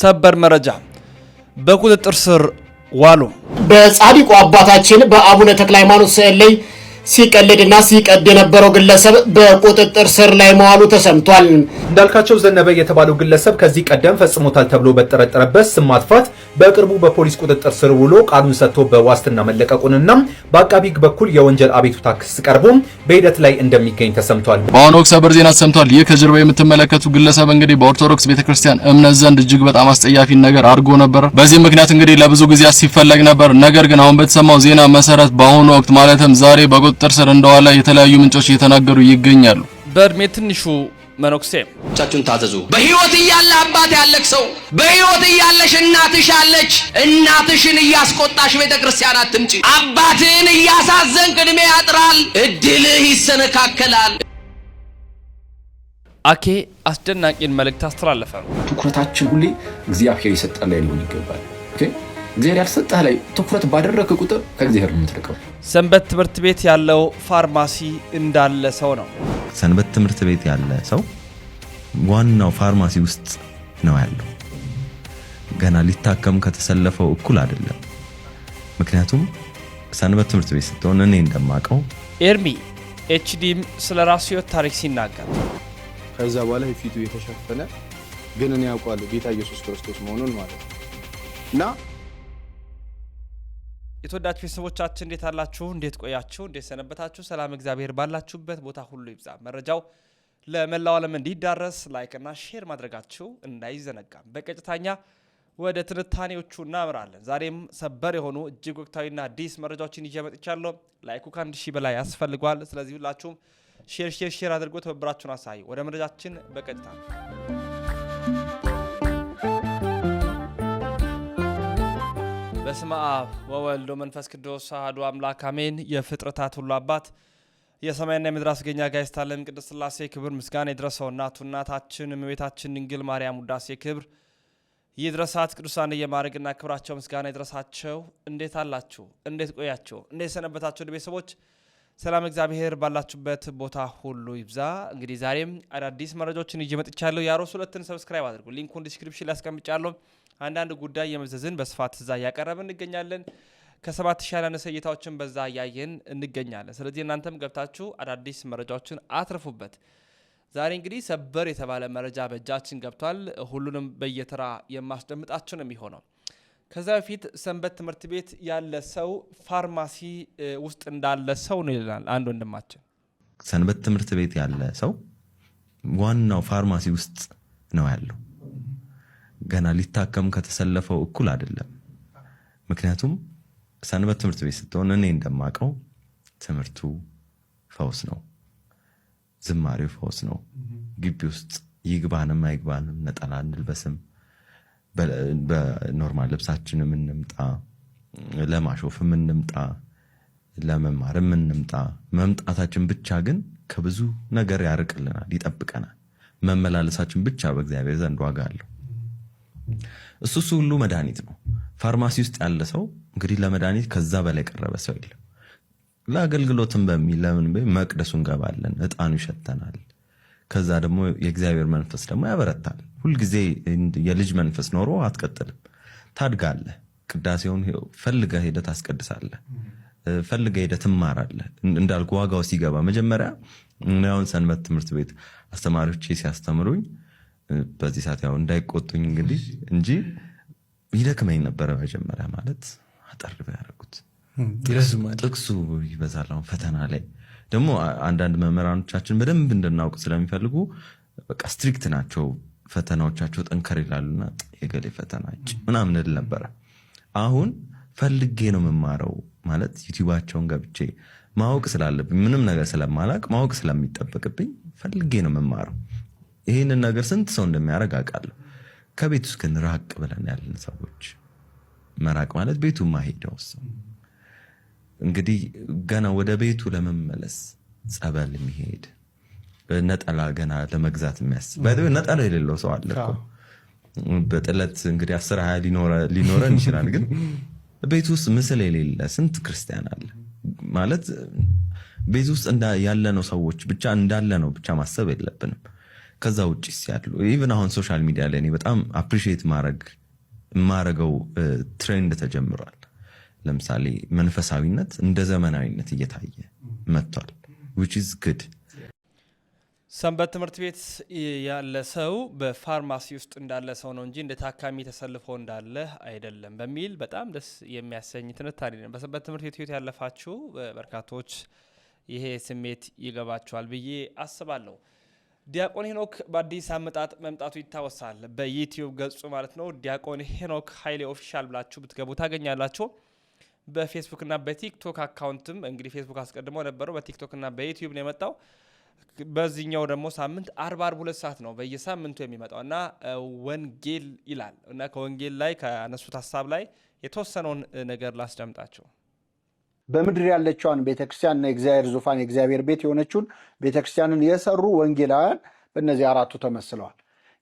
ሰበር መረጃ በቁጥጥር ስር ዋሉ። በጻድቁ አባታችን በአቡነ ተክለ ሃይማኖት ስዕል ላይ ሲቀልድና ሲቀድ የነበረው ግለሰብ በቁጥጥር ስር ላይ መዋሉ ተሰምቷል። እንዳልካቸው ዘነበ የተባለው ግለሰብ ከዚህ ቀደም ፈጽሞታል ተብሎ በተጠረጠረበት ስም ማጥፋት በቅርቡ በፖሊስ ቁጥጥር ስር ውሎ ቃሉን ሰጥቶ በዋስትና መለቀቁንና በአቃቢ ሕግ በኩል የወንጀል አቤቱታ ክስ ቀርቦ በሂደት ላይ እንደሚገኝ ተሰምቷል። በአሁኑ ወቅት ሰበር ዜና ተሰምቷል። ይህ ከጀርባ የምትመለከቱ ግለሰብ እንግዲህ በኦርቶዶክስ ቤተክርስቲያን እምነት ዘንድ እጅግ በጣም አስጠያፊ ነገር አድርጎ ነበር። በዚህ ምክንያት እንግዲህ ለብዙ ጊዜ ሲፈለግ ነበር። ነገር ግን አሁን በተሰማው ዜና መሰረት በአሁኑ ወቅት ማለትም ዛሬ በቁ ቁጥጥር ስር እንደዋለ የተለያዩ ምንጮች እየተናገሩ ይገኛሉ። በእድሜ ትንሹ መነኩሴ ቻችሁን ታዘዙ። በህይወት እያለ አባት ያለክ ሰው በህይወት እያለሽ እናትሽ አለች። እናትሽን እያስቆጣሽ ቤተ ክርስቲያን አትምጪ። አባትህን እያሳዘንክ ቅድሜ ያጥራል፣ እድልህ ይሰነካከላል። አኬ አስደናቂን መልእክት አስተላለፈ። ትኩረታችን ሁሌ እግዚአብሔር የሰጠን ላይ ሊሆን ይገባል። እግዚአብሔር ሰጠህ ላይ ትኩረት ባደረግክ ቁጥር ከእግዚአብሔር ነው የምትርቀው። ሰንበት ትምህርት ቤት ያለው ፋርማሲ እንዳለ ሰው ነው። ሰንበት ትምህርት ቤት ያለ ሰው ዋናው ፋርማሲ ውስጥ ነው ያለው። ገና ሊታከም ከተሰለፈው እኩል አይደለም። ምክንያቱም ሰንበት ትምህርት ቤት ስትሆን እኔ እንደማቀው ኤርሚ ኤችዲም ስለ ራሱ ህይወት ታሪክ ሲናገር ከዛ በኋላ የፊቱ የተሸፈነ ግን እኔ ያውቋል ጌታ ኢየሱስ ክርስቶስ መሆኑን ማለት ነው እና የተወዳጅ ቤተሰቦቻችን እንዴት አላችሁ? እንዴት ቆያችሁ? እንዴት ሰነበታችሁ? ሰላም እግዚአብሔር ባላችሁበት ቦታ ሁሉ ይብዛ። መረጃው ለመላው ዓለም እንዲዳረስ ላይክ እና ሼር ማድረጋችሁ እንዳይዘነጋም። በቀጥታኛ ወደ ትንታኔዎቹ እናምራለን። ዛሬም ሰበር የሆኑ እጅግ ወቅታዊና አዲስ መረጃዎችን ይዤ መጥቻለሁ። ላይኩ ከአንድ ሺህ በላይ ያስፈልጓል። ስለዚህ ሁላችሁም ሼር ሼር ሼር አድርጎ ትብብራችሁን አሳዩ። ወደ መረጃችን በቀጥታ በስመ አብ ወወልድ ወመንፈስ ቅዱስ አሐዱ አምላክ አሜን። የፍጥረታት ሁሉ አባት የሰማይና የምድር አስገኛ ጋይስት ዓለም ቅድስት ሥላሴ ክብር ምስጋና ይድረሰው። እናቱ እናታችን እመቤታችን ድንግል ማርያም ውዳሴ ክብር ይድረሳት። ቅዱሳን የማድረግና ክብራቸው ምስጋና ይድረሳቸው። እንዴት አላችሁ? እንዴት ቆያችሁ? እንዴት ሰነበታችሁ? ቤተሰቦች ሰላም እግዚአብሔር ባላችሁበት ቦታ ሁሉ ይብዛ። እንግዲህ ዛሬም አዳዲስ መረጃዎችን ይዤ መጥቻለሁ። የአሮስ ሁለትን ሰብስክራይብ አድርጉ። ሊንኩን ዲስክሪፕሽን ላይ አስቀምጫለሁ። አንዳንድ ጉዳይ የመዘዝን በስፋት እዛ እያቀረብን እንገኛለን። ከሰባት ሺህ ያላነሰ እይታዎችን በዛ እያየን እንገኛለን። ስለዚህ እናንተም ገብታችሁ አዳዲስ መረጃዎችን አትርፉበት። ዛሬ እንግዲህ ሰበር የተባለ መረጃ በእጃችን ገብቷል። ሁሉንም በየተራ የማስደምጣችሁ ነው የሚሆነው ከዛ በፊት ሰንበት ትምህርት ቤት ያለ ሰው ፋርማሲ ውስጥ እንዳለ ሰው ነው ይላል አንድ ወንድማችን። ሰንበት ትምህርት ቤት ያለ ሰው ዋናው ፋርማሲ ውስጥ ነው ያለው። ገና ሊታከም ከተሰለፈው እኩል አይደለም። ምክንያቱም ሰንበት ትምህርት ቤት ስትሆን እኔ እንደማውቀው ትምህርቱ ፈውስ ነው፣ ዝማሬው ፈውስ ነው። ግቢ ውስጥ ይግባንም አይግባንም ነጠላ እንልበስም በኖርማል ልብሳችን የምንምጣ፣ ለማሾፍ የምንምጣ፣ ለመማር የምንምጣ፣ መምጣታችን ብቻ ግን ከብዙ ነገር ያርቅልናል፣ ይጠብቀናል። መመላለሳችን ብቻ በእግዚአብሔር ዘንድ ዋጋ አለው። እሱ እሱ ሁሉ መድኃኒት ነው። ፋርማሲ ውስጥ ያለ ሰው እንግዲህ ለመድኃኒት ከዛ በላይ ቀረበ ሰው የለም። ለአገልግሎትም በሚል ለምን መቅደሱ እንገባለን፣ እጣኑ ይሸተናል ከዛ ደግሞ የእግዚአብሔር መንፈስ ደግሞ ያበረታል። ሁልጊዜ የልጅ መንፈስ ኖሮ አትቀጥልም፣ ታድጋለህ። ቅዳሴውን ፈልገህ ሄደህ ታስቀድሳለህ፣ ፈልገህ ሄደህ ትማራለህ። እንዳልኩ ዋጋው ሲገባ መጀመሪያ አሁን ሰንበት ትምህርት ቤት አስተማሪዎቼ ሲያስተምሩኝ በዚህ ሰዓት ያው እንዳይቆጡኝ እንግዲህ እንጂ ይደክመኝ ነበረ። መጀመሪያ ማለት አጠር ያደረጉት ጥቅሱ ይበዛል። አሁን ፈተና ላይ ደግሞ አንዳንድ መምህራኖቻችን በደንብ እንድናውቅ ስለሚፈልጉ በቃ ስትሪክት ናቸው። ፈተናዎቻቸው ጠንከር ይላሉና የገሌ ፈተናች ምናምን እል ነበረ። አሁን ፈልጌ ነው የምማረው ማለት ዩቲባቸውን ገብቼ ማወቅ ስላለብኝ ምንም ነገር ስለማላቅ ማወቅ ስለሚጠበቅብኝ ፈልጌ ነው የምማረው። ይህንን ነገር ስንት ሰው እንደሚያደረግ አውቃለሁ። ከቤት ውስጥ ግን ራቅ ብለን ያለን ሰዎች መራቅ ማለት ቤቱ ማሄድ እንግዲህ ገና ወደ ቤቱ ለመመለስ ጸበል የሚሄድ ነጠላ ገና ለመግዛት የሚያስብ ነጠላ የሌለው ሰው አለ በጥለት እንግዲህ አስር ሀያ ሊኖረን ይችላል። ግን ቤት ውስጥ ምስል የሌለ ስንት ክርስቲያን አለ ማለት ቤት ውስጥ ያለነው ሰዎች ብቻ እንዳለ ነው ብቻ ማሰብ የለብንም። ከዛ ውጭ ያሉ ኢቨን አሁን ሶሻል ሚዲያ ላይ እኔ በጣም አፕሪሺየት ማድረግ የማረገው ትሬንድ ተጀምሯል። ለምሳሌ መንፈሳዊነት እንደ ዘመናዊነት እየታየ መጥቷል። ዊች ኢዝ ግድ። ሰንበት ትምህርት ቤት ያለ ሰው በፋርማሲ ውስጥ እንዳለ ሰው ነው እንጂ እንደ ታካሚ ተሰልፎ እንዳለ አይደለም በሚል በጣም ደስ የሚያሰኝ ትንታኔ ነው። በሰንበት ትምህርት ቤት ህይወት ያለፋችሁ በርካቶች ይሄ ስሜት ይገባችኋል ብዬ አስባለሁ። ዲያቆን ሄኖክ በአዲስ አመጣጥ መምጣቱ ይታወሳል። በዩትዩብ ገጹ ማለት ነው። ዲያቆን ሄኖክ ሀይሌ ኦፊሻል ብላችሁ ብትገቡ ታገኛላችሁ። በፌስቡክ እና በቲክቶክ አካውንትም እንግዲህ ፌስቡክ አስቀድሞ ነበረው። በቲክቶክና በዩቲዩብ ነው የመጣው። በዚህኛው ደግሞ ሳምንት አርባ አርብ ሁለት ሰዓት ነው በየሳምንቱ የሚመጣው እና ወንጌል ይላል እና ከወንጌል ላይ ከነሱት ሀሳብ ላይ የተወሰነውን ነገር ላስደምጣቸው። በምድር ያለችዋን ቤተክርስቲያንና የእግዚአብሔር ዙፋን የእግዚአብሔር ቤት የሆነችውን ቤተክርስቲያንን የሰሩ ወንጌላውያን በእነዚህ አራቱ ተመስለዋል።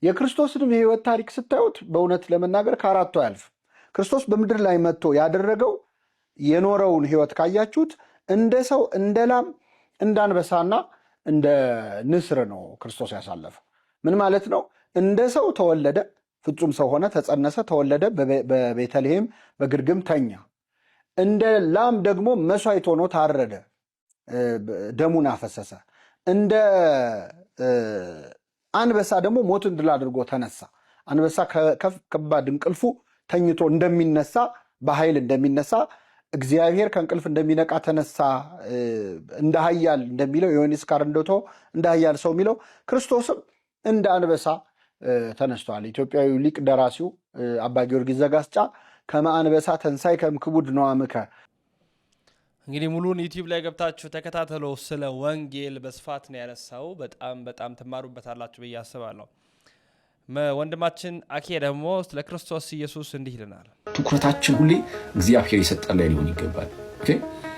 የክርስቶስንም የህይወት ታሪክ ስታዩት በእውነት ለመናገር ከአራቱ አያልፍ። ክርስቶስ በምድር ላይ መጥቶ ያደረገው የኖረውን ህይወት ካያችሁት እንደ ሰው እንደ ላም እንደ አንበሳና እንደ ንስር ነው ክርስቶስ ያሳለፈው። ምን ማለት ነው? እንደ ሰው ተወለደ፣ ፍጹም ሰው ሆነ፣ ተጸነሰ፣ ተወለደ፣ በቤተልሔም በግርግም ተኛ። እንደ ላም ደግሞ መሥዋዕት ሆኖ ታረደ፣ ደሙን አፈሰሰ። እንደ አንበሳ ደግሞ ሞትን ድል አድርጎ ተነሳ። አንበሳ ከባድ እንቅልፉ ተኝቶ እንደሚነሳ በኃይል እንደሚነሳ እግዚአብሔር ከእንቅልፍ እንደሚነቃ ተነሳ እንደ ሀያል እንደሚለው ዮሐንስ ካር እንደቶ እንደ ሀያል ሰው የሚለው ክርስቶስም እንደ አንበሳ ተነስቷል። ኢትዮጵያዊ ሊቅ ደራሲው አባ ጊዮርጊስ ዘጋስጫ ከማአንበሳ ተንሳይ ከምክቡድ ነዋምከ። እንግዲህ ሙሉን ዩቲዩብ ላይ ገብታችሁ ተከታተሎ ስለ ወንጌል በስፋት ነው ያነሳው። በጣም በጣም ትማሩበታላችሁ ብዬ አስባለሁ። ወንድማችን አኬ ደግሞ ስለ ክርስቶስ ኢየሱስ እንዲህ ይልናል። ትኩረታችን ሁሌ እግዚአብሔር የሰጠ ላይ ሊሆን ይገባል።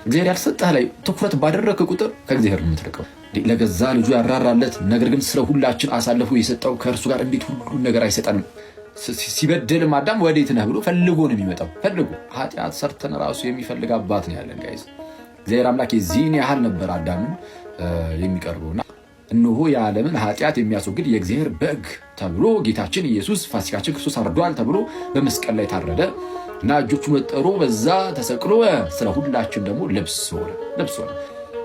እግዚአብሔር ያልሰጠህ ላይ ትኩረት ባደረግክ ቁጥር ከእግዚአብሔር የምትርቀው ለገዛ ልጁ ያራራለት ነገር ግን ስለ ሁላችን አሳልፎ የሰጠው ከእርሱ ጋር እንዴት ሁሉን ነገር አይሰጠንም? ሲበድልም አዳም ወዴት ነህ ብሎ ፈልጎ ነው የሚመጣው። ፈልጎ ኃጢአት ሰርተን ራሱ የሚፈልግ አባት ነው ያለን። ጋይዝ እግዚአብሔር አምላክ የዚህን ያህል ነበር አዳምን የሚቀርበውና እነሆ የዓለምን ኃጢአት የሚያስወግድ የእግዚአብሔር በግ ተብሎ ጌታችን ኢየሱስ ፋሲካችን ክርስቶስ አርዷል ተብሎ በመስቀል ላይ ታረደ እና እጆቹ መጠሮ በዛ ተሰቅሎ ስለ ሁላችን ደግሞ ልብስ ሆነ ልብስ ሆነ።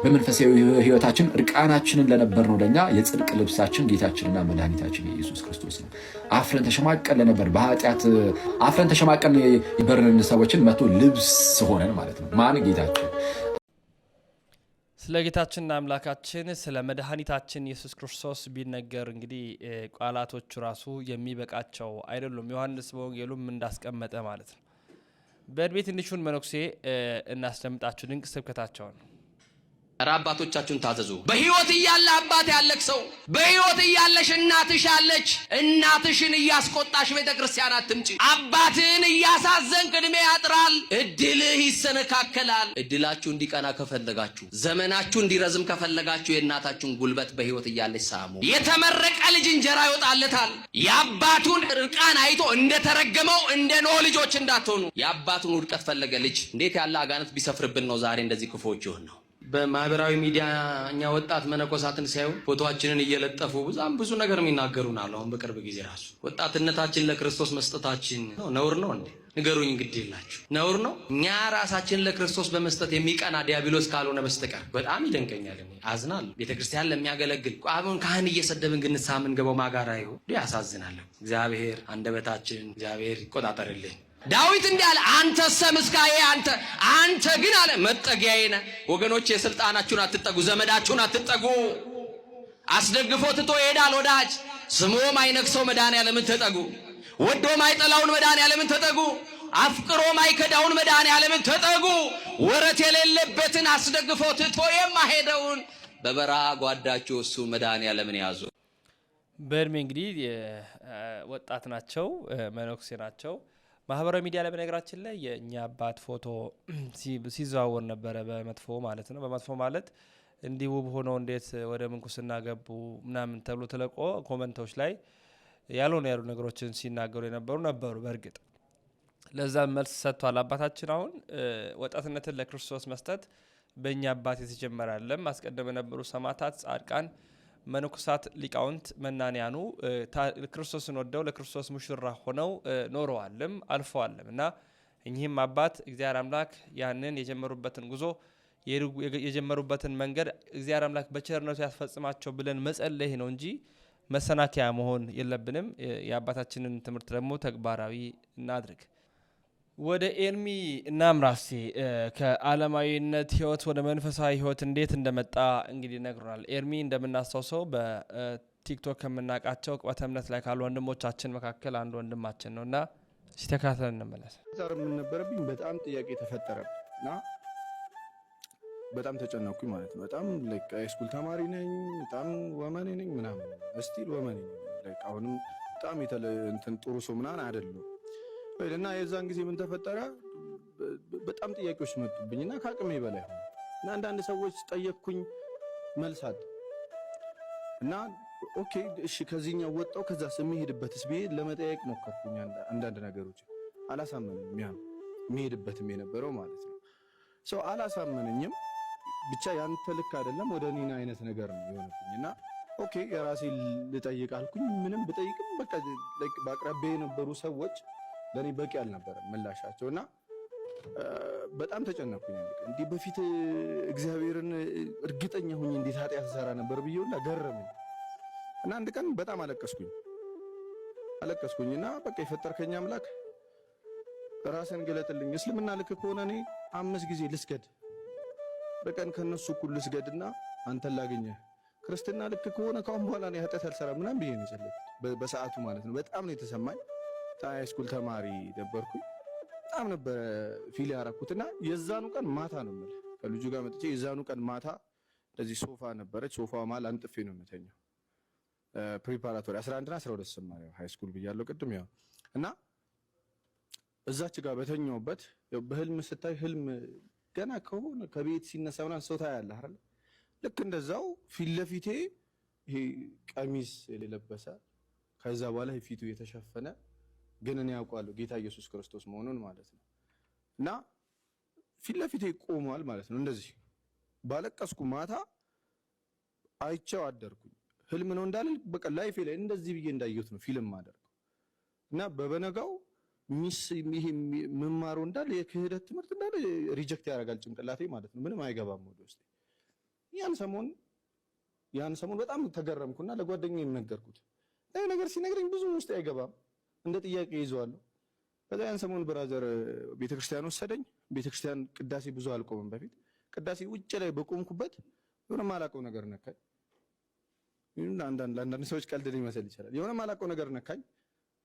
በመንፈሳዊ ሕይወታችን እርቃናችንን ለነበር ነው ለእኛ የጽድቅ ልብሳችን ጌታችንና መድኃኒታችን ኢየሱስ ክርስቶስ ነው። አፍረን ተሸማቀን ለነበር በኃጢአት አፍረን ተሸማቀን የበርንን ሰዎችን መቶ ልብስ ሆነን ማለት ነው ማን ጌታችን ስለ ጌታችንና አምላካችን ስለ መድኃኒታችን ኢየሱስ ክርስቶስ ቢነገር እንግዲህ ቃላቶቹ ራሱ የሚበቃቸው አይደሉም። ዮሐንስ በወንጌሉም እንዳስቀመጠ ማለት ነው። በእድሜ ትንሹን መነኩሴ እናስደምጣችሁ ድንቅ ስብከታቸውን ኧረ አባቶቻችሁን ታዘዙ። በሕይወት እያለ አባት ያለክ ሰው በሕይወት እያለሽ እናትሽ አለች። እናትሽን እያስቆጣሽ ቤተ ክርስቲያን አትምጪ። አባትህን እያሳዘንክ ዕድሜ ያጥራል፣ እድልህ ይሰነካከላል። እድላችሁ እንዲቀና ከፈለጋችሁ፣ ዘመናችሁ እንዲረዝም ከፈለጋችሁ የእናታችሁን ጉልበት በሕይወት እያለች ሳሙ። የተመረቀ ልጅ እንጀራ ይወጣለታል። የአባቱን እርቃን አይቶ እንደተረገመው እንደ ኖ ልጆች እንዳትሆኑ። የአባቱን ውድቀት ፈለገ ልጅ። እንዴት ያለ አጋነት ቢሰፍርብን ነው ዛሬ እንደዚህ ክፉዎች ይሆን ነው በማህበራዊ ሚዲያ እኛ ወጣት መነኮሳትን ሲያዩ ፎቶችንን እየለጠፉ በጣም ብዙ ነገር የሚናገሩን አሉ። አሁን በቅርብ ጊዜ ራሱ ወጣትነታችን ለክርስቶስ መስጠታችን ነውር ነው እንዴ? ንገሩኝ። ግድ የላችሁ ነውር ነው። እኛ ራሳችን ለክርስቶስ በመስጠት የሚቀና ዲያብሎስ ካልሆነ በስተቀር በጣም ይደንቀኛል። አዝናለሁ። ቤተክርስቲያን ለሚያገለግል ቋሙን ካህን እየሰደብን ግን ንስሐ የምንገባው ማጋራ ይሁ ያሳዝናለሁ። እግዚአብሔር አንደበታችን እግዚአብሔር ይቆጣጠርልን። ዳዊት እንዲህ አለ፣ አንተ ሰምስካዬ አንተ አንተ ግን አለ መጠጊያዬ ነህ። ወገኖች የስልጣናችሁን አትጠጉ፣ ዘመዳችሁን አትጠጉ። አስደግፎ ትቶ ይሄዳል ወዳጅ። ስሞም አይነክሰው መድኃኔዓለምን ተጠጉ። ወዶም አይጠላውን መድኃኔዓለምን ተጠጉ። አፍቅሮም አይከዳውን መድኃኔዓለምን ተጠጉ። ወረት የሌለበትን አስደግፎ ትቶ የማሄደውን በበረሃ ጓዳችሁ እሱ መድኃኔዓለምን ያዙ። በእድሜ እንግዲህ ወጣት ናቸው፣ መነኩሴ ናቸው። ማህበራዊ ሚዲያ ላይ በነገራችን ላይ የእኛ አባት ፎቶ ሲዘዋወር ነበረ፣ በመጥፎ ማለት ነው። በመጥፎ ማለት እንዲህ ውብ ሆኖ እንዴት ወደ ምንኩስና ገቡ ምናምን ተብሎ ተለቆ ኮመንቶች ላይ ያልሆነ ያሉ ነገሮችን ሲናገሩ የነበሩ ነበሩ። በእርግጥ ለዛም መልስ ሰጥቷል አባታችን። አሁን ወጣትነትን ለክርስቶስ መስጠት በእኛ አባት የተጀመረ አለም አስቀደመ የነበሩ ሰማዕታት፣ ጻድቃን መነኮሳት፣ ሊቃውንት፣ መናንያኑ ክርስቶስን ወደው ለክርስቶስ ሙሽራ ሆነው ኖረዋልም አልፈዋልም እና እኚህም አባት እግዚአብሔር አምላክ ያንን የጀመሩበትን ጉዞ የጀመሩበትን መንገድ እግዚአብሔር አምላክ በቸርነቱ ያስፈጽማቸው ብለን መጸለይ ነው እንጂ መሰናከያ መሆን የለብንም። የአባታችንን ትምህርት ደግሞ ተግባራዊ እናድርግ። ወደ ኤርሚ እና ምራሴ ከዓለማዊነት ህይወት ወደ መንፈሳዊ ህይወት እንዴት እንደመጣ እንግዲህ ነግሮናል። ኤርሚ እንደምናስታውሰው በቲክቶክ ከምናውቃቸው ቅበተ እምነት ላይ ካሉ ወንድሞቻችን መካከል አንድ ወንድማችን ነው እና ሲተካተል እንመለስ። ዛር የምንነበረብኝ በጣም ጥያቄ ተፈጠረ እና በጣም ተጨነኩኝ ማለት ነው። በጣም ስኩል ተማሪ ነኝ፣ በጣም ወመኔ ነኝ ምናምን ስቲል ወመኔ ነኝ። አሁንም በጣም ጥሩ ሰው ምናምን አይደለም እና የዛን ጊዜ ምን ተፈጠረ? በጣም ጥያቄዎች መጡብኝ እና ከአቅሜ በላይ እና አንዳንድ ሰዎች ጠየቅኩኝ መልሳት እና ኦኬ እሺ ከዚህኛው ወጣው ከዛ የሚሄድበትስ ብዬ ለመጠየቅ ሞከርኩኝ። አንዳንድ ነገሮች አላሳመነኝም። ያ የሚሄድበትም የነበረው ማለት ነው ሰው አላሳመነኝም። ብቻ ያንተ ልክ አይደለም ወደ እኔን አይነት ነገር ነው የሆነብኝ እና ኦኬ የራሴ ልጠይቅ አልኩኝ። ምንም ብጠይቅም በቃ በአቅራቢያ የነበሩ ሰዎች ለእኔ በቂ አልነበረም ምላሻቸው እና በጣም ተጨነኩኝ። እንዲህ በፊት እግዚአብሔርን እርግጠኛ ሁኝ እንዴት ኃጢአት ሰራ ነበር ብዬውላ ገረመኝ እና አንድ ቀን በጣም አለቀስኩኝ አለቀስኩኝ እና በቃ የፈጠርከኝ አምላክ ራስን ገለጥልኝ። እስልምና ልክ ከሆነ እኔ አምስት ጊዜ ልስገድ በቀን ከነሱ እኩል ልስገድና አንተን ላገኘ፣ ክርስትና ልክ ከሆነ ካሁን በኋላ ኔ ኃጢአት አልሰራ ምናምን ብዬ ነው የጸለይኩት በሰዓቱ ማለት ነው። በጣም ነው የተሰማኝ። ፀሐይ ስኩል ተማሪ ነበርኩ። በጣም ነበረ ፊል እና የዛኑ ቀን ማታ ነው የምልህ ከልጁ ጋር መጥቼ የዛኑ ቀን ማታ እንደዚህ ሶፋ ነበረች። ሶፋ ማል አንጥፌ ነው የምተኛው። ፕሪፓራቶሪ 11 እና 12 ስማር ያው ሃይ ስኩል ብያለሁ ቅድም ያው እና እዛች ጋር በተኛውበት በህልም ስታይ ህልም ገና ከሆነ ከቤት ሲነሳ ምናምን ሰው ታያለህ አይደል? ልክ እንደዛው ፊት ለፊቴ ይሄ ቀሚስ የለበሰ ከዛ በኋላ ፊቱ የተሸፈነ ግን እኔ ያውቃለሁ ጌታ ኢየሱስ ክርስቶስ መሆኑን ማለት ነው። እና ፊት ለፊቴ ቆሟል ማለት ነው። እንደዚህ ባለቀስኩ ማታ አይቼው አደርኩኝ። ህልም ነው እንዳልል በቃ ላይፌ ላይ እንደዚህ ብዬ እንዳየሁት ነው ፊልም አደርገው እና በበነጋው ሚስ ይሄ መማሩ እንዳለ የክህደት ትምህርት እንዳለ ሪጀክት ያደርጋል ጭንቅላቴ ማለት ነው። ምንም አይገባም ወደ ውስጥ። ያን ሰሞን ያን ሰሞን በጣም ተገረምኩና ለጓደኛዬ ነገርኩት። ነገር ሲነግረኝ ብዙ ውስጥ አይገባም እንደ ጥያቄ ይዘዋለሁ። ከዛ ያን ሰሞን ብራዘር ቤተክርስቲያን ወሰደኝ። ቤተክርስቲያን ቅዳሴ ብዙ አልቆምም በፊት ቅዳሴ ውጭ ላይ በቆምኩበት የሆነ ማላቀው ነገር ነካኝ። አንዳንድ ሰዎች ቀልድ ሊመስል ይችላል። የሆነ ማላቀው ነገር ነካኝ።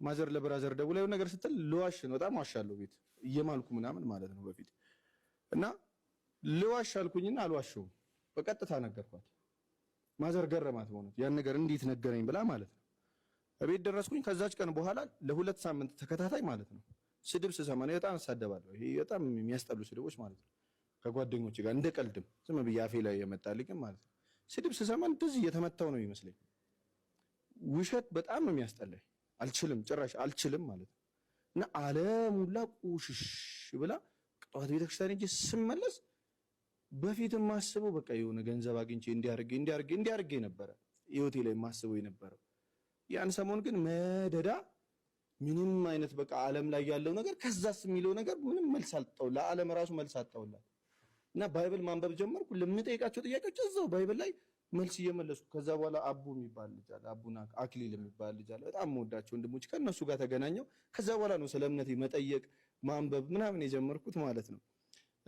ማዘር ለብራዘር ደውላ የሆነ ነገር ስትል ልዋሽ ነው። በጣም ዋሻለሁ ቤት እየማልኩ ምናምን ማለት ነው በፊት እና ልዋሽ አልኩኝና አልዋሸውም። በቀጥታ ነገርኳት። ማዘር ገረማት በእውነት ያን ነገር እንዴት ነገረኝ ብላ ማለት ነው እቤት ደረስኩኝ። ከዛች ቀን በኋላ ለሁለት ሳምንት ተከታታይ ማለት ነው ስድብ ስሰማ ነው በጣም እሳደባለሁ። ይሄ በጣም የሚያስጠሉ ስድቦች ማለት ነው። ከጓደኞች ጋር እንደ ቀልድም ዝም ብዬ አፌ ላይ የመጣልኝም ማለት ነው ስድብ ስሰማ እንደዚህ እየተመታው ነው ይመስለኝ። ውሸት በጣም ነው የሚያስጠላኝ። አልችልም፣ ጭራሽ አልችልም ማለት ነው። እና ዓለም ሁላ ቁሽሽ ብላ ጠዋት ቤተክርስቲያን እንጂ ስመለስ በፊት የማስበው በቃ የሆነ ገንዘብ አግኝቼ እንዲያርጌ እንዲያርጌ እንዲያርጌ ነበረ ህይወቴ ላይ የማስበው የነበረው ያን ሰሞን ግን መደዳ ምንም አይነት በቃ ዓለም ላይ ያለው ነገር ከዛስ የሚለው ነገር ምንም መልስ አልጣው ለዓለም ራሱ መልስ አጣውላ እና ባይብል ማንበብ ጀመርኩ። ለምጠይቃቸው ጥያቄዎች እዛው ባይብል ላይ መልስ እየመለስኩ ከዛ በኋላ አቡ የሚባል ልጅ አለ፣ አቡና አክሊል የሚባል ልጅ አለ። በጣም የምወዳቸው ወንድሞች ከእነሱ ጋር ተገናኘው። ከዛ በኋላ ነው ስለ እምነቴ መጠየቅ ማንበብ ምናምን የጀመርኩት ማለት ነው።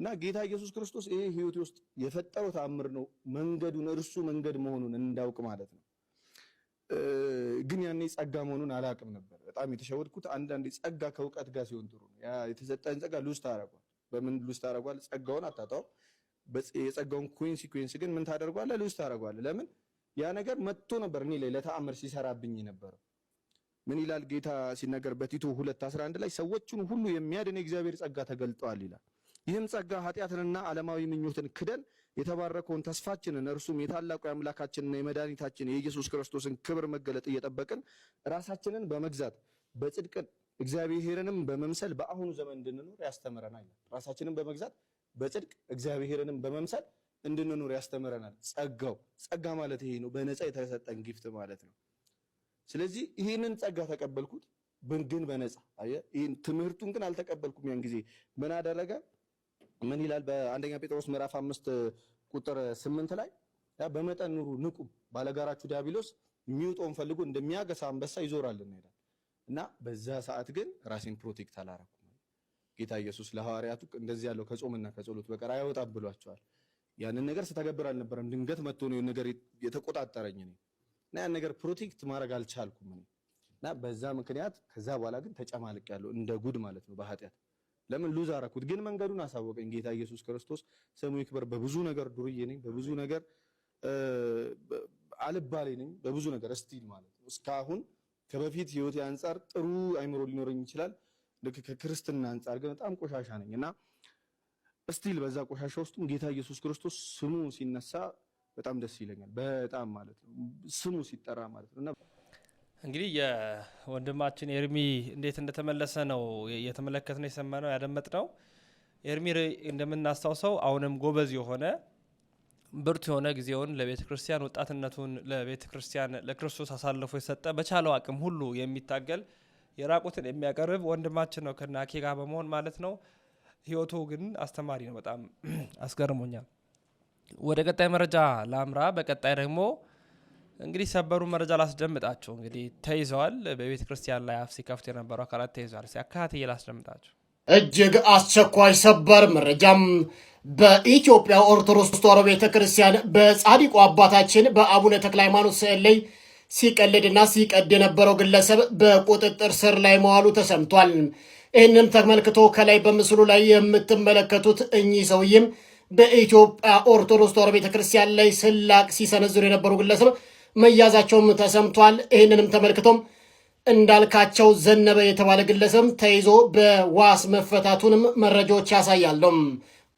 እና ጌታ ኢየሱስ ክርስቶስ ይሄ ህይወቴ ውስጥ የፈጠረው ተአምር ነው። መንገዱን እርሱ መንገድ መሆኑን እንዳውቅ ማለት ነው። ግን ያኔ ጸጋ መሆኑን አላውቅም ነበር። በጣም የተሸወድኩት አንዳንድ ጸጋ ከእውቀት ጋር ሲሆን ጥሩ ነው። ያ የተሰጠህን ጸጋ ሉዝ ታደርጓል። በምን ልስ ታደርጓል? ጸጋውን አታጣውም። የጸጋውን ኮንሲኩዌንስ ግን ምን ታደርጓለ ሉዝ ታደርጓለህ። ለምን ያ ነገር መጥቶ ነበር እኔ ላይ ለተአምር ሲሰራብኝ ነበረው። ምን ይላል ጌታ ሲነገር በቲቶ 2:11 ላይ ሰዎቹን ሁሉ የሚያድን የእግዚአብሔር ጸጋ ተገልጧል ይላል። ይህም ጸጋ ኃጢአትንና ዓለማዊ ምኞትን ክደን የተባረከውን ተስፋችንን እርሱም የታላቁ የአምላካችንና የመድኃኒታችን የኢየሱስ ክርስቶስን ክብር መገለጥ እየጠበቅን ራሳችንን በመግዛት በጽድቅን እግዚአብሔርንም በመምሰል በአሁኑ ዘመን እንድንኖር ያስተምረናል። ራሳችንን በመግዛት በጽድቅ እግዚአብሔርንም በመምሰል እንድንኖር ያስተምረናል። ጸጋው ጸጋ ማለት ይሄ ነው፣ በነፃ የተሰጠን ጊፍት ማለት ነው። ስለዚህ ይህንን ጸጋ ተቀበልኩት ግን በነፃ ይህን ትምህርቱን ግን አልተቀበልኩም። ያን ጊዜ ምን አደረገ? ምን ይላል? በአንደኛ ጴጥሮስ ምዕራፍ አምስት ቁጥር ስምንት ላይ በመጠን ኑሩ፣ ንቁ፣ ባለጋራችሁ ዲያብሎስ የሚውጠውን ፈልጎ እንደሚያገሳ አንበሳ ይዞራልና ይላል እና በዛ ሰዓት ግን ራሴን ፕሮቴክት አላረኩም። ጌታ ኢየሱስ ለሐዋርያቱ እንደዚህ ያለው ከጾምና ከጸሎት በቀር አይወጣም ብሏቸዋል። ያንን ነገር ስተገብር አልነበረም። ድንገት መጥቶ ነው ነገር የተቆጣጠረኝ እኔ እና ያን ነገር ፕሮቴክት ማድረግ አልቻልኩም እኔ እና በዛ ምክንያት ከዛ በኋላ ግን ተጨማልቅ ያለው እንደ ጉድ ማለት ነው በኃጢአት ለምን ሉዝ አረኩት? ግን መንገዱን አሳወቀኝ ጌታ ኢየሱስ ክርስቶስ ስሙ ይክበር። በብዙ ነገር ዱርዬ ነኝ፣ በብዙ ነገር አልባሌ ነኝ፣ በብዙ ነገር እስቲል ማለት ነው። እስካሁን ከበፊት ህይወቴ አንጻር ጥሩ አይምሮ ሊኖረኝ ይችላል። ልክ ከክርስትና አንጻር ግን በጣም ቆሻሻ ነኝ እና እስቲል በዛ ቆሻሻ ውስጥም ጌታ ኢየሱስ ክርስቶስ ስሙ ሲነሳ በጣም ደስ ይለኛል። በጣም ማለት ነው ስሙ ሲጠራ ማለት ነው እና እንግዲህ የወንድማችን ኤርሚ እንዴት እንደተመለሰ ነው የተመለከትነው፣ የሰማነው፣ ያደመጥነው። ኤርሚ እንደምናስታውሰው አሁንም ጎበዝ የሆነ ብርቱ የሆነ ጊዜውን ለቤተ ክርስቲያን ወጣትነቱን ለቤተ ክርስቲያን ለክርስቶስ አሳልፎ የሰጠ በቻለው አቅም ሁሉ የሚታገል የራቁትን የሚያቀርብ ወንድማችን ነው ከናኬ ጋር በመሆን ማለት ነው። ህይወቱ ግን አስተማሪ ነው። በጣም አስገርሞኛል። ወደ ቀጣይ መረጃ ላምራ። በቀጣይ ደግሞ እንግዲህ ሰበሩ መረጃ ላስደምጣቸው። እንግዲህ ተይዘዋል። በቤተ ክርስቲያን ላይ አፍ ሲከፍቱ የነበሩ አካላት ተይዘዋል። ሲያካትዬ ላስደምጣቸው። እጅግ አስቸኳይ ሰበር መረጃም በኢትዮጵያ ኦርቶዶክስ ተዋሕዶ ቤተ ክርስቲያን በጻድቁ አባታችን በአቡነ ተክለ ሃይማኖት ስዕል ላይ ሲቀልድና ሲቀድ የነበረው ግለሰብ በቁጥጥር ስር ላይ መዋሉ ተሰምቷል። ይህንም ተመልክቶ ከላይ በምስሉ ላይ የምትመለከቱት እኚህ ሰውዬም በኢትዮጵያ ኦርቶዶክስ ተዋሕዶ ቤተ ክርስቲያን ላይ ስላቅ ሲሰነዝሩ የነበሩ ግለሰብ መያዛቸውም ተሰምቷል። ይህንንም ተመልክቶም እንዳልካቸው ዘነበ የተባለ ግለሰብ ተይዞ በዋስ መፈታቱንም መረጃዎች ያሳያሉ።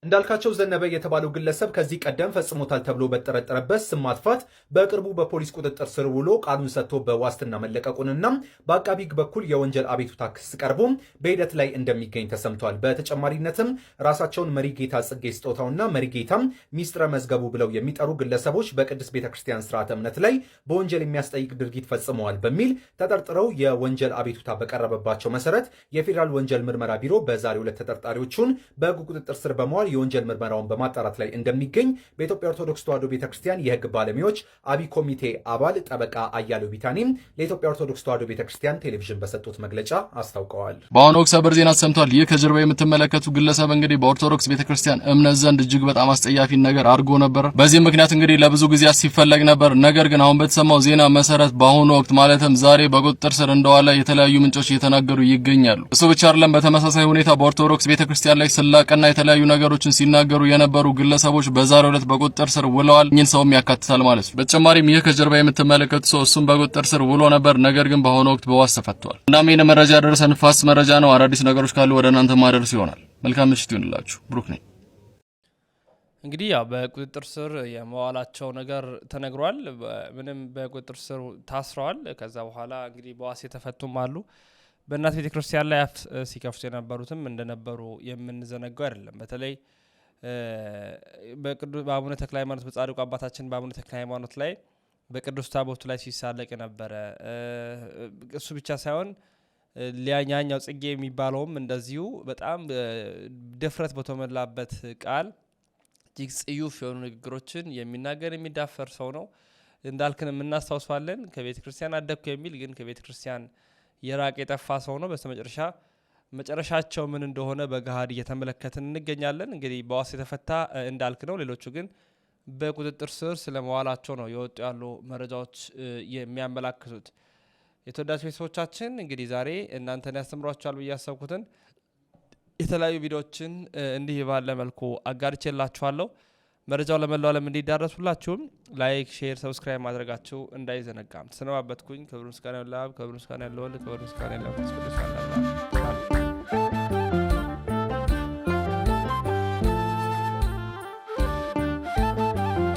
እንዳልካቸው ዘነበ የተባለው ግለሰብ ከዚህ ቀደም ፈጽሞታል ተብሎ በጠረጠረበት ስም ማጥፋት በቅርቡ በፖሊስ ቁጥጥር ስር ውሎ ቃሉን ሰጥቶ በዋስትና መለቀቁንና በአቃቢ ሕግ በኩል የወንጀል አቤቱታ ክስ ቀርቦ በሂደት ላይ እንደሚገኝ ተሰምቷል። በተጨማሪነትም ራሳቸውን መሪጌታ ጽጌ ስጦታውና መሪጌታ ሚስጥረ መዝገቡ ብለው የሚጠሩ ግለሰቦች በቅድስት ቤተክርስቲያን ስርዓተ እምነት ላይ በወንጀል የሚያስጠይቅ ድርጊት ፈጽመዋል በሚል ተጠርጥረው የወንጀል አቤቱታ በቀረበባቸው መሰረት የፌዴራል ወንጀል ምርመራ ቢሮ በዛሬ ሁለት ተጠርጣሪዎቹን በሕግ ቁጥጥር ስር በመዋል የወንጀል ምርመራውን በማጣራት ላይ እንደሚገኝ በኢትዮጵያ ኦርቶዶክስ ተዋሕዶ ቤተክርስቲያን የህግ ባለሙያዎች አቢ ኮሚቴ አባል ጠበቃ አያሌው ቢታኒም ለኢትዮጵያ ኦርቶዶክስ ተዋሕዶ ቤተክርስቲያን ቴሌቪዥን በሰጡት መግለጫ አስታውቀዋል። በአሁኑ ወቅት ሰበር ዜና ተሰምቷል ይህ ከጀርባ የምትመለከቱ ግለሰብ እንግዲህ በኦርቶዶክስ ቤተክርስቲያን እምነት ዘንድ እጅግ በጣም አስጠያፊ ነገር አድርጎ ነበር። በዚህ ምክንያት እንግዲህ ለብዙ ጊዜያት ሲፈለግ ነበር። ነገር ግን አሁን በተሰማው ዜና መሰረት በአሁኑ ወቅት ማለትም ዛሬ በቁጥጥር ስር እንደዋለ የተለያዩ ምንጮች እየተናገሩ ይገኛሉ። እሱ ብቻ አይደለም። በተመሳሳይ ሁኔታ በኦርቶዶክስ ቤተክርስቲያን ላይ ስላቅና የተለያዩ ነገሮች ዜናዎችን ሲናገሩ የነበሩ ግለሰቦች በዛሬው ዕለት በቁጥጥር ስር ውለዋል። እኚህን ሰውም ያካትታል ማለት ነው። በተጨማሪም ይህ ከጀርባ የምትመለከቱ ሰው እሱም በቁጥጥር ስር ውሎ ነበር። ነገር ግን በአሁኑ ወቅት በዋስ ተፈቷል። እናም ይህን መረጃ ያደረሰን ፋስት መረጃ ነው። አዳዲስ ነገሮች ካሉ ወደ እናንተ ማደርስ ይሆናል። መልካም ምሽት ይሁንላችሁ። ብሩክ ነኝ። እንግዲህ ያው በቁጥጥር ስር የመዋላቸው ነገር ተነግሯል። ምንም በቁጥጥር ስር ታስረዋል። ከዛ በኋላ እንግዲህ በዋስ የተፈቱም አሉ። በእናት ቤተ ክርስቲያን ላይ አፍ ሲከፍቱ የነበሩትም እንደነበሩ የምንዘነጋው አይደለም። በተለይ በአቡነ ተክለ ሃይማኖት በጻድቁ አባታችን በአቡነ ተክለ ሃይማኖት ላይ በቅዱስ ታቦቱ ላይ ሲሳለቅ የነበረ እሱ ብቻ ሳይሆን ሊያኛኛው ጽጌ የሚባለውም እንደዚሁ በጣም ድፍረት በተሞላበት ቃል እጅግ ጽዩፍ የሆኑ ንግግሮችን የሚናገር የሚዳፈር ሰው ነው። እንዳልክን የምናስታውሷለን። ከቤተ ክርስቲያን አደግኩ የሚል ግን ከቤተ ክርስቲያን የራቅ የጠፋ ሰው ነው። በስተመጨረሻ መጨረሻቸው ምን እንደሆነ በገሃድ እየተመለከትን እንገኛለን። እንግዲህ በዋስ የተፈታ እንዳልክ ነው። ሌሎቹ ግን በቁጥጥር ስር ስለ መዋላቸው ነው የወጡ ያሉ መረጃዎች የሚያመላክቱት። የተወዳጅ ቤተሰቦቻችን እንግዲህ ዛሬ እናንተን ያስተምሯቸዋል ብዬ ያሰብኩትን የተለያዩ ቪዲዮዎችን እንዲህ ባለ መልኩ አጋርቼላችኋለሁ። መረጃው ለመላው ዓለም እንዲዳረሱላችሁም ላይክ፣ ሼር፣ ሰብስክራይብ ማድረጋችሁ እንዳይዘነጋም። ተሰነባበትኩኝ። ክብር ምስጋና ለአብ፣ ክብር ምስጋና ለወልድ፣ ክብር ምስጋና ለመንፈስ ቅዱስ።